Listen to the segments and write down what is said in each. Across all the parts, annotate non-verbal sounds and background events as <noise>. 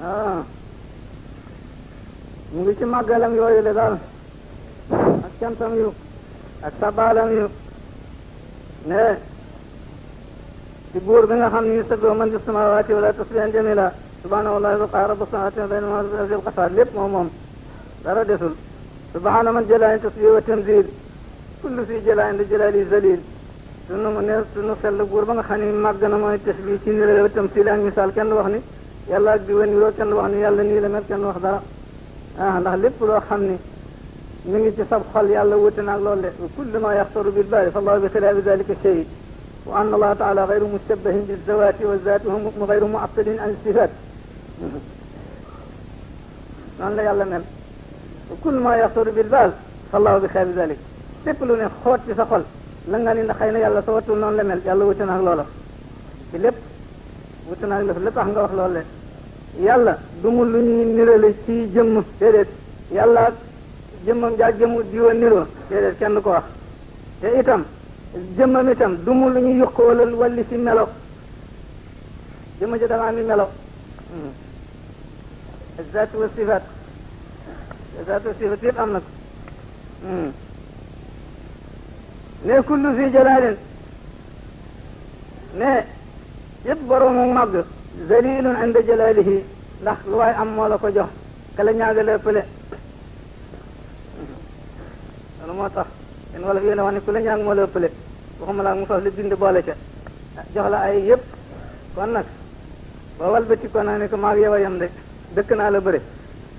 waaw ah. mu ngi ci màggalam yooyu le daal ak cantam yu ak sabaalam yu ne ci buur bi nga xam ni saddoo man di samawaati wala tasbihan jamila subhaana wallahi waqaa rabu samawati baynahuma bi azil qasar lépp moom moom dara desul subhaana man jëlaani tasbih wa tanzil kullu si jëlaani da jëlaali zalil sunu mu ne sunu sell buur ba nga xam ni màgg na mooy tasbih ci nilal wa tamsil ak misaal kenn wax ni yàlla ak di waniroo wax ni yàlla nii la mel kenn wax dara ah ndax lépp loo xam ni mi ngi ci sab xol yàlla wute naag loolu de kullu ma yaxtaru bil baali fa allahu bi xilaafi dalika shahid wa anna allaha taala gayru mustabahin bi zawaati wa zaati hum gayru la yàlla mel kullu ma yaxtaru baal fa bi xilaafi dalika lépp lu ne xoot sa xol la nga ni ndax xëy na yàlla sa wattul noonu la mel yàlla wute naag loola ci lépp wute naag la lépp wax nga wax loolu yàlla du mu lu ñuy nirale ci jëmm déedéet yàlla jëmmam jaa jëmu diwa niroo déedéet kenn ko wax te itam jëmmam itam du mu lu ñu yuqoolal walli si melo jëmm ji damaa mi melo hmm. zaatu wa sifaat zaatu wa sifaat yëpp am na ko hmm. ne kullu fi jalaalin ne yëpp boro màgg zalilun inda jalalihi ndax lu waay am moo la ko jox kala ñaagalee pële loolu moo tax yéen wala yéen a wax ku la ñaag moo la pële waxuma laa mu faf li bind boole ca jox la ay yëpp kon nag ba walbati ko nag ne ko maag yow a de dëkk naa la bëre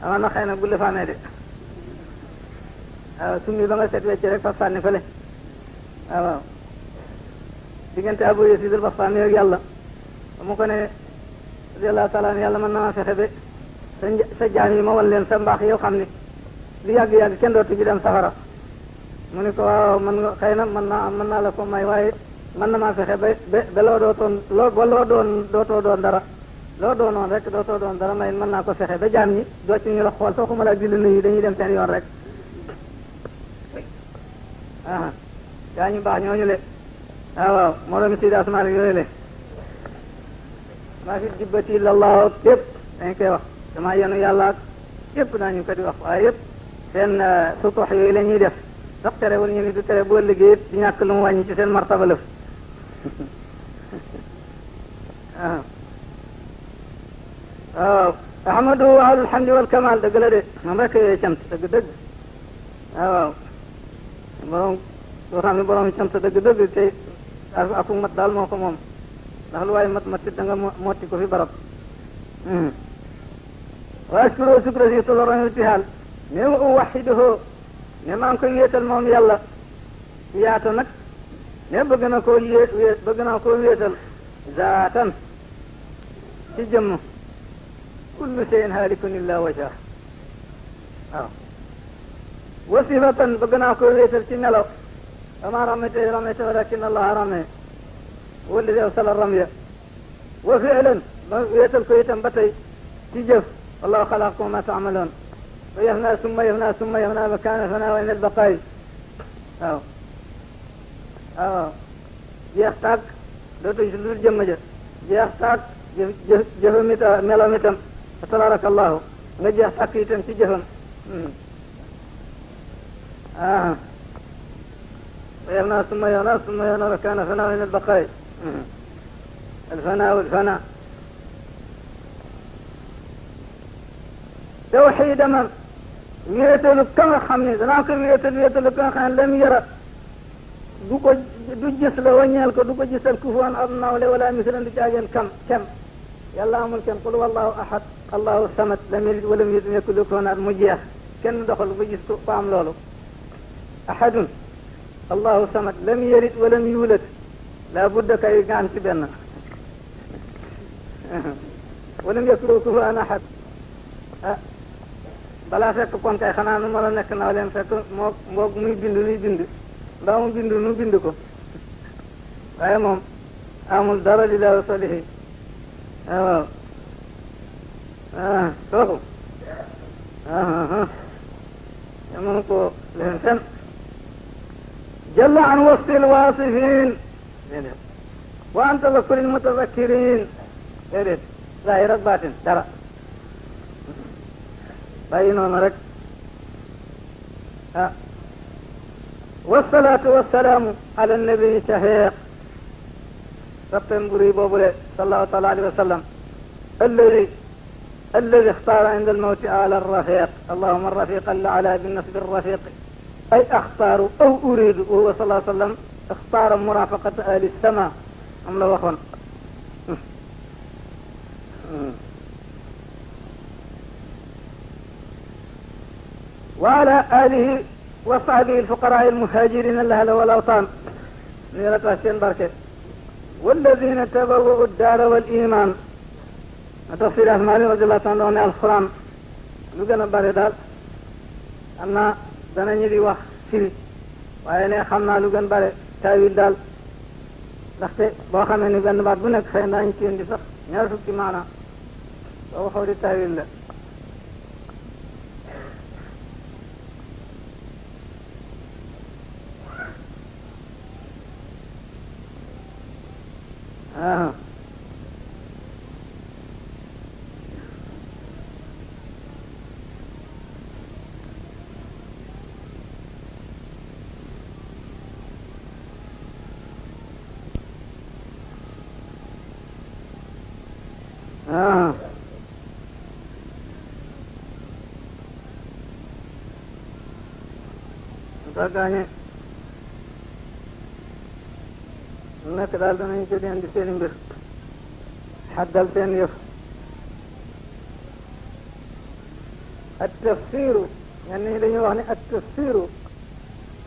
amaan na xëy na de waaw summi ba nga seet wecc rek faf sànni fële waaw diggante abo yesidal faf mu ko ne radiyallahu taala yàlla mën na ma fexe ba sa sa jaam yi ma wan leen sa mbaax yow xam ne du yàgg-yàgg kenn dootu ñu dem safara mu ne ko waaw man nga xëy na mën naa mën naa la ko may waaye mën na maa fexe ba ba ba loo dootoon loo ba loo doon dootoo doon dara loo doonoon rek dootoo doon dara may mën naa ko fexe ba jaam ñi doo ci ñu la xool soo ko mën a dindi nuyu dañuy dem seen yoon rek aa gaa ñu baax ñooñu le waaw waaw moo doon si daasmaalik yooyu maa fi jibbati illallah ak yëpp dañ koy wax damaa yenu yàlla ak yëpp daañu ko di wax waaye yëpp seen euh, sutox yooyu la ñuy def sax terewul ñu ni du tere boo liggéey di ñàkk lu mu wàññi ci seen martaba lëf waaw <laughs> ah. ah. ahmadu ahlul hamdi wal kamal dëgg la de moom rek ah, borom boo xam ne borom ndax lu waaye mat matit da nga motti ko fi barab hmm. wa ashkuru shukra si toloroon irtihaal mais wa uwaxiduhu ne maa ngi koy wéetal moom yàlla yaata nag ne bëgg na koo yéet wéet bëgg naa koo wéetal zaatan ci jëmm kullu shay'in haalikun illa wajha waaw wa sifatan bëgg naa koo wéetal ci melo kama ramayta ramayta walakin allaha ramee walladi awsala ramya wa fi'lan ma weetal ko itam ba tey ci jëf wallahu xalaqakum ma taamaloon ba yaf naa summa yaf naa summa yaf naa ba kaana fanaa wa nel baqaay waaw waaw jeex tàkk dootuñ si lu dul jëmm ja jeex tàkk jëf jëfam itam meloom itam fa tabaraka allahu nga jeex tàkk itam ci jëfam a yaf naa summa yaf naa summa yaf naa ba kaana fanaa wa nel baqaay الفناء والفناء توحيد من wéetalu ka nga xam ne danaa ko wéetal wéetalu ka nga xam ne lam yara du ko du gis la waññeel ko du ko gisal kufuwan ab nawle wala mislan du caageen kam kem yàlla amul kem qul wallahu ahad allahu samad lam yalid walam yulad nekk lu ko naat mu jeex kenn doxal ba gis ko ba am loolu ahadun allahu samad lam yalid walam yulad laa budda kay nga am ci benn walam yatrukuhu an ahad ah balaa fekk kon kay xanaa nu ma la nekk naa leen fekk moo mboog muy bind nuy bind mbaa mu bind nu bind ko waaye moom amul dara li laa solihi waaw ah kooku te mënu koo leen fen jalla an wasfil waasifin déedéet wa an tazakkurin mutazakkirin déedéet zahir ak baatin dara bàyyi noonu rek ah wasalaatu wasalaamu ala nabii shahiq rabten buri boobule sallallahu taala alayhi wa sallam alladi alladi ixtaara inda almawti ala alrafiq allahuma alrafiq ala binasbi alrafiq ay axtaaru aw uridu wa huwa sallallahu sallam اختار مرافقة أهل السماء am la waxoon وعلى آله وصحبه الفقراء المهاجرين الأهل والأوطان نيرتاسين بركة والذين تبوؤوا الدار والإيمان تفسير أهمالي رضي الله تعالى عنه القرآن lu gën a bare daal am naa danañu di wax firi waaye ne xam naa lu gën bare taawil daal ndaxte boo xamee ni benn baat bu nekk xëy na ñu ci indi sax ñaar fukki maana boobu xaw di taawil la waaw sagaane nekk daal danañ ci deen di seen mbir xaddal seen yëf at tafsiru ñenn ñi dañuy wax ne at tafsiru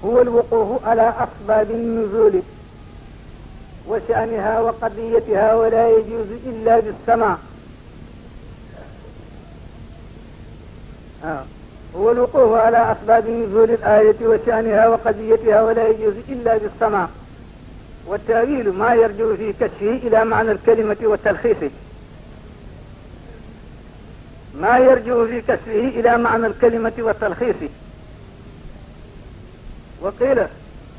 huwa alwuqufu ala asbaabi nuzuli wa sha'niha wa qadiyatiha wa la yajuzu illa bissamaa هو الوقوف على أسباب نزول الآية وشأنها وقضيتها ولا يجوز إلا بالسماع والتأويل ما يرجع في كشفه إلى معنى الكلمة وتلخيصه ما يرجع في كشفه إلى معنى الكلمة وتلخيصه وقيل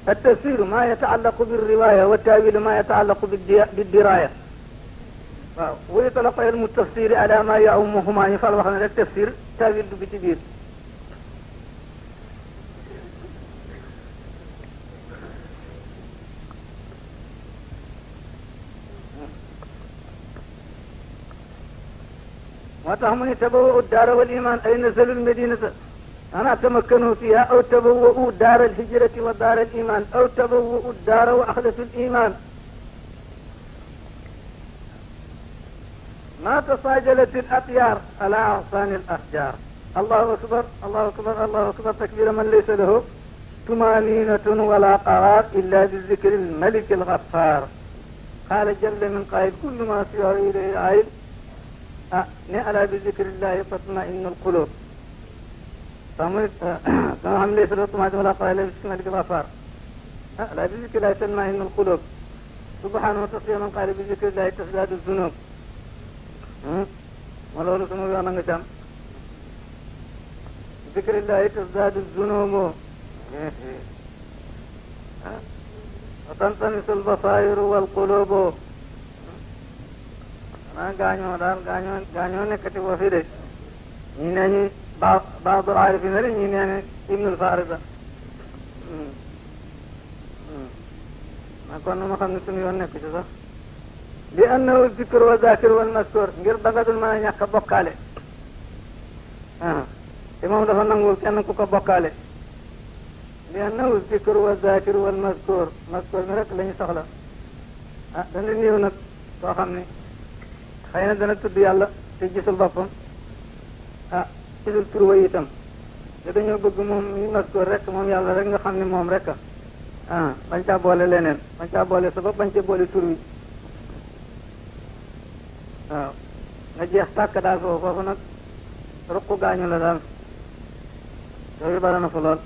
التفسير ما يتعلق بالرواية والتأويل ما يتعلق بالدراية waaw wuyu talaqayal mu tafsiri ala ma yaumuhuma ñu fal wax ne rek tafsir tawil dugg ci biir moo tax mu ne tabawa u daara wal iman ay nasalul medinata ana tamakkanu fiha aw tabawa u daara alhijrati wa daara aliman aw tabawa u daara wa axlasu aliman ما تساجلت الأطيار على أغصان الأحجار الله أكبر الله أكبر الله أكبر تكبير من ليس له طمأنينة ولا قرار إلا بذكر الملك الغفار قال جل من قائل كل ما سواه إليه عائل ألا بذكر الله تطمئن القلوب فمن هم ليس له طمأنينة ولا قرار إلا بذكر الملك الغفار ألا بذكر الله تطمئن القلوب سبحانه وتعالى من قال بذكر الله تزداد الذنوب ma loolu sunu yoon a nga jàm zikrillahi tazdaadu zunuubu wa tanfamisul basaayiru wal quluubu xanaa gaañoo daal gaañoo gaañoo nekkati boo fi de ñi nee ñu baa baadul aarifina la ñi nee ne ibnul farida nag kon nu ma xam ne sunu yoon nekk ci sax li annahu zikr wa zakir wal mastur ngir dangadul mën a ñàkk a bokkaale ah, te moom dafa nangu kenn ku ko bokkaale li annahu zikr wa zakir wal mastur mastur mi rek la soxla ah dana néew nag koo xam ne xëy na dana tudd yàlla te gisul boppam ah gisul tur wa itam te dañoo bëgg moom mi mastur rek moom yàlla rek nga xam ne moom rek ah bañ caa boole leneen bañ caa boole sa bopp bañ caa boole tur wi waaw nga jeex tàkk daal foofu foofu nag ruq gaañu la daal loolu bara na fa lool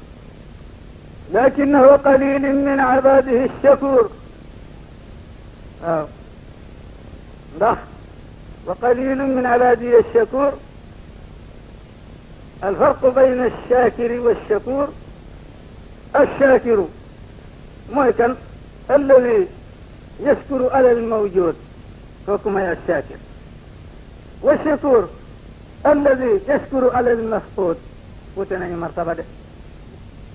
lakinahu qalilin min ibadihi shakur waaw ndax wa qalilun min ibadihi shakur alfarqu bayna alshakiri walshakur alshakiru mooy kan alladi yashkuru ala almawjud حكم الشاكر والشكور الذي يشكر على المفقود wute nañu martaba de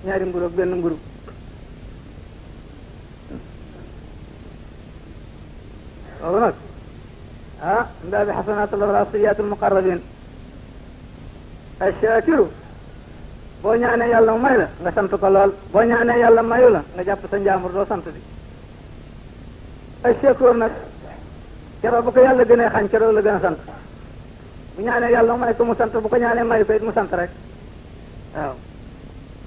ñaari nguru ak benn nguru loolu nag ah mbaa bi xasanaat alwaraasiyaat almuqarrabin ashakiru boo ñaanee yàlla mu may nga sant ko lool boo ñaanee yàlla mayu la nga jàpp sa doo sant bi ashakur nag keroog bu ko yàlla gënee xañ keroog la gën a sant bu ñaanee yàlla may ko mu sant bu ko ñaanee may ko it mu sant rek waaw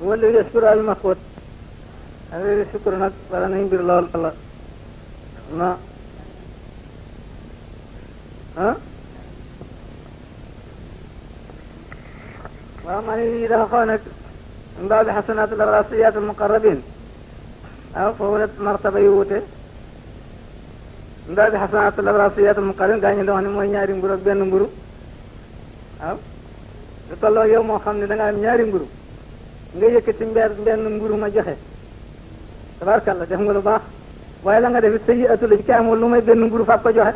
wala yaskural maxuut affaire yi sukkur nag bala nañ mbir lool la na ah waaw maa ngi yi dafa xaw nag mbaa bi xasanaat al raasiyaat al muqarrabin waaw foofu martaba yu wute ndaa bi xasanaatul abraar sayyi'aatul muqarrabin gaa ñu leen wax ne mooy ñaari mburu ak benn mburu waaw lu tolloo yow moo xam ne da ngaa am ñaari mburu nga yëkkati ma joxe tabaarkalla def nga lu baax waaye la nga def it sayyi'atu ci amul lu may benn mburu fab ko joxe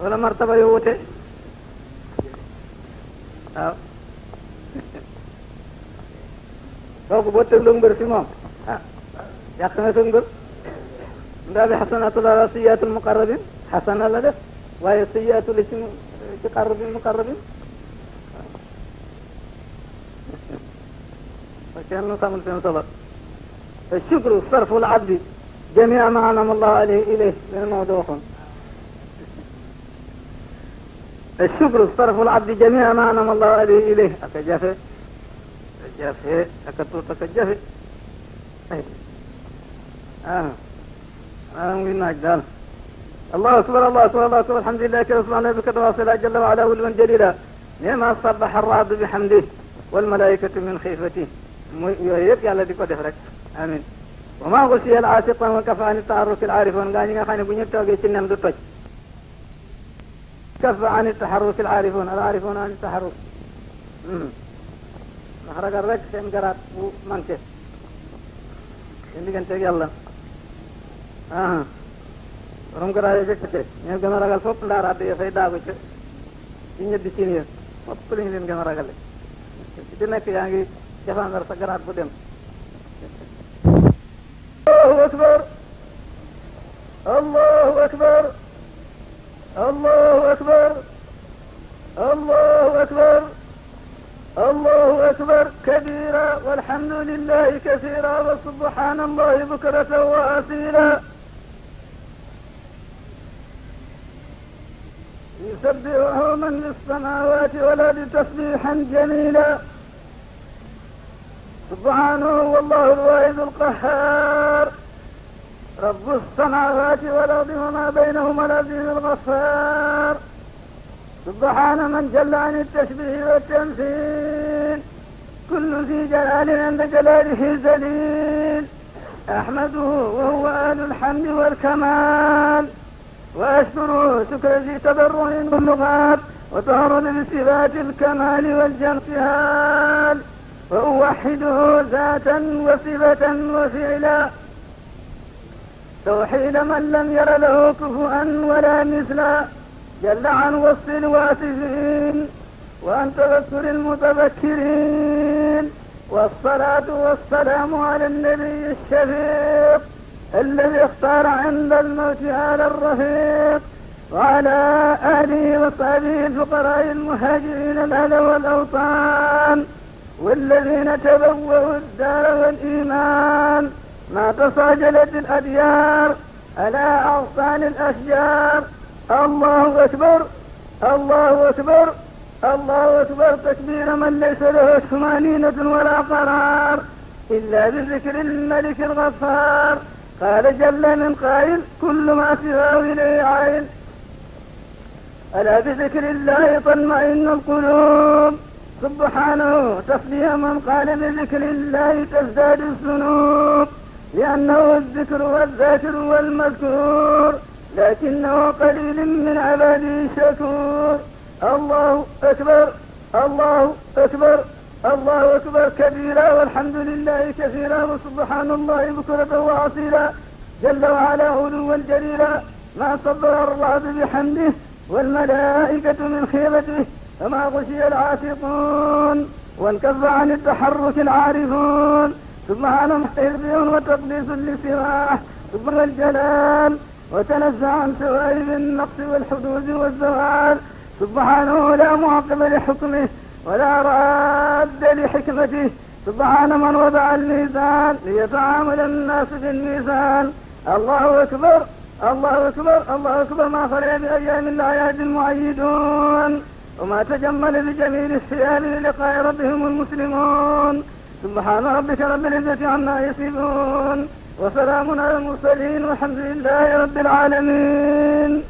wala martaba yoo wute kooku boo tegloo mbër fi moom ah yàq na sa mbër ndaa bi xasanatul ala sayyiatul muqarrabin xasana la def waaye sayyiatul ci ci qarrabin muqarrabin kenn nu xamul seen sabab الشكر صرف العبد جميع ما أنعم الله عليه إليه من الموضوع الشكر صرف العبد جميع ما أنعم الله عليه إليه أكجافه te jafe aka tuut aka jafe ah maa ngi naaj daal allahu akbar allahu akbar allahu akbar alhamdulilah kay subhana rabbika tawasila jalla wa ala ulwan jalila nema sabaha arradu bihamdih walmalaikatu min xiifatih muy yooyu yëpp yàlla di ko def rek amin wa maa xusiya al aasiqan wa kafaani taarruki al aarifoon ngaa ñi nga xam ne bu ñu toogee ci nen du toj kafa an taharruki al aarifoon al aarifoon an taharruk hmm. ndax ragal rek seen garaat bu manqué seen digganteeg yàlla ah borom garaat yi jëkkate ñoo gën a ragal fopp ndaaraat yi fay daagu ca ci ñëddi siin ya fopp lañu leen gën a ragale ci di nekk yaa ngi jafandar sa garaat bu dem allahu akbar allahu akbar allahu akbar allahu akbar الله أكبر كبيرا والحمد لله كثيرا وسبحان الله بكرة وأصيلا يسبحه من في السماوات والأرض تسبيحا جميلا سبحانه هو الله الواحد القهار رب السماوات والأرض وما بينهما العزيز الغفار سبحان من جل عن التشبيه والتمثيل في جلال عند جلاله الجليل أحمده وهو أهل الحمد والكمال وأشكره شكر ذي تبرع واللغات وتعرض لصفات الكمال والجمال وأوحده ذاتا وصفة وفعلا توحيد من لم ير له كفوا ولا مثلا جل عن وصف الواسفين وعن تذكر المتذكرين والصلاة والسلام على النبي الشفيق الذي اختار عند الموت على الرفيق وعلى آله وصحبه الفقراء المهاجرين الأهل والأوطان والذين تبوأوا الدار والإيمان ما تساجلت الأديار على أغصان الأشجار الله أكبر الله أكبر الله أكبر تكبير من ليس له طمأنينة ولا قرار إلا بذكر الملك الغفار قال جل من قائل كل ما سواه إليه عائل ألا بذكر الله تطمئن القلوب سبحانه تصديق من قال بذكر الله تزداد الذنوب لأنه الذكر والذاكر والمذكور لكنه قليل من عباده الشكور الله أكبر الله أكبر الله أكبر كبيرا والحمد لله كثيرا وسبحان الله بكرة وأصيلا جل وعلا علوا جليلا ما صبر الرعد بحمده والملائكة من خيبته فما غشي العاتقون وانكف عن التحرك العارفون سبحان محيربي وتقديس لسواه ثم الجلال وتنزع عن سوائب النقص والحدود والزوال سبحانه لا معقب لحكمه ولا راد لحكمته سبحان من وضع الميزان ليتعامل الناس بالميزان الله أكبر الله أكبر الله أكبر ما فرع بأيام الأعياد المعيدون وما تجمل بجميل الثياب للقاء ربهم المسلمون سبحان ربك رب العزة عما يصفون وسلام على المرسلين والحمد لله رب العالمين